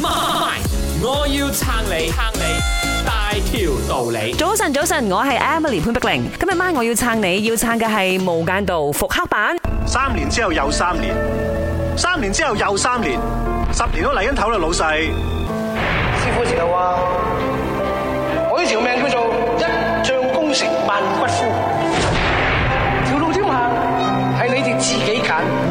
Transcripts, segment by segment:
媽咪，我要撐你，撐你大條道理。早晨，早晨，我係 Emily 潘碧玲。今日晚，我要撐你，要撐嘅係無間道復刻版。三年之後又三年，三年之後又三年，十年都嚟緊頭啦，老細。師傅，請啊！我呢條命。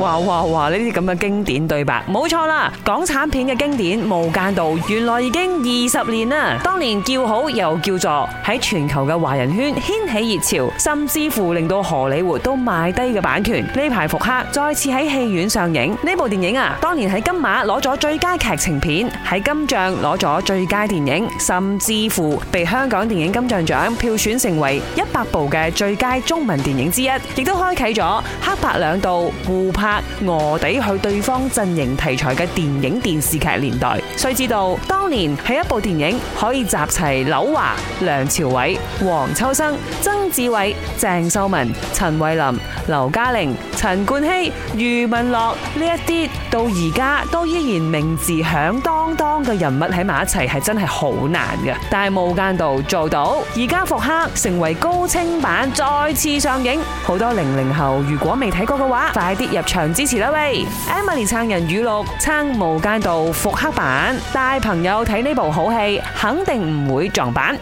哇哇哇，呢啲咁嘅經典對白，冇錯啦！港產片嘅經典《無間道》原來已經二十年啦。當年叫好又叫座，喺全球嘅華人圈掀起熱潮，甚至乎令到荷里活都買低嘅版權。呢排復刻再次喺戲院上映呢部電影啊！當年喺金馬攞咗最佳劇情片，喺金像攞咗最佳電影，甚至乎被香港電影金像獎票選成為一百部嘅最佳中文電影之一，亦都開啟咗黑白兩道互拍，臥底去對方陣營題材嘅電影、電視劇年代，需知道。年係一部電影，可以集齊劉華、梁朝偉、黃秋生、曾志偉、鄭秀文、陳慧琳、劉嘉玲、陳冠希、余文樂呢一啲，到而家都依然名字響噹噹嘅人物喺埋一齊，係真係好難嘅。但係《無間道》做到，而家復刻成為高清版，再次上映。好多零零後如果未睇過嘅話，快啲入場支持啦，喂！Emily 撐人語錄撐《無間道》復刻版，帶朋友。睇呢部好戲，肯定唔會撞板。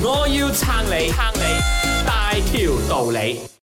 我要撐你，撐你大條道理。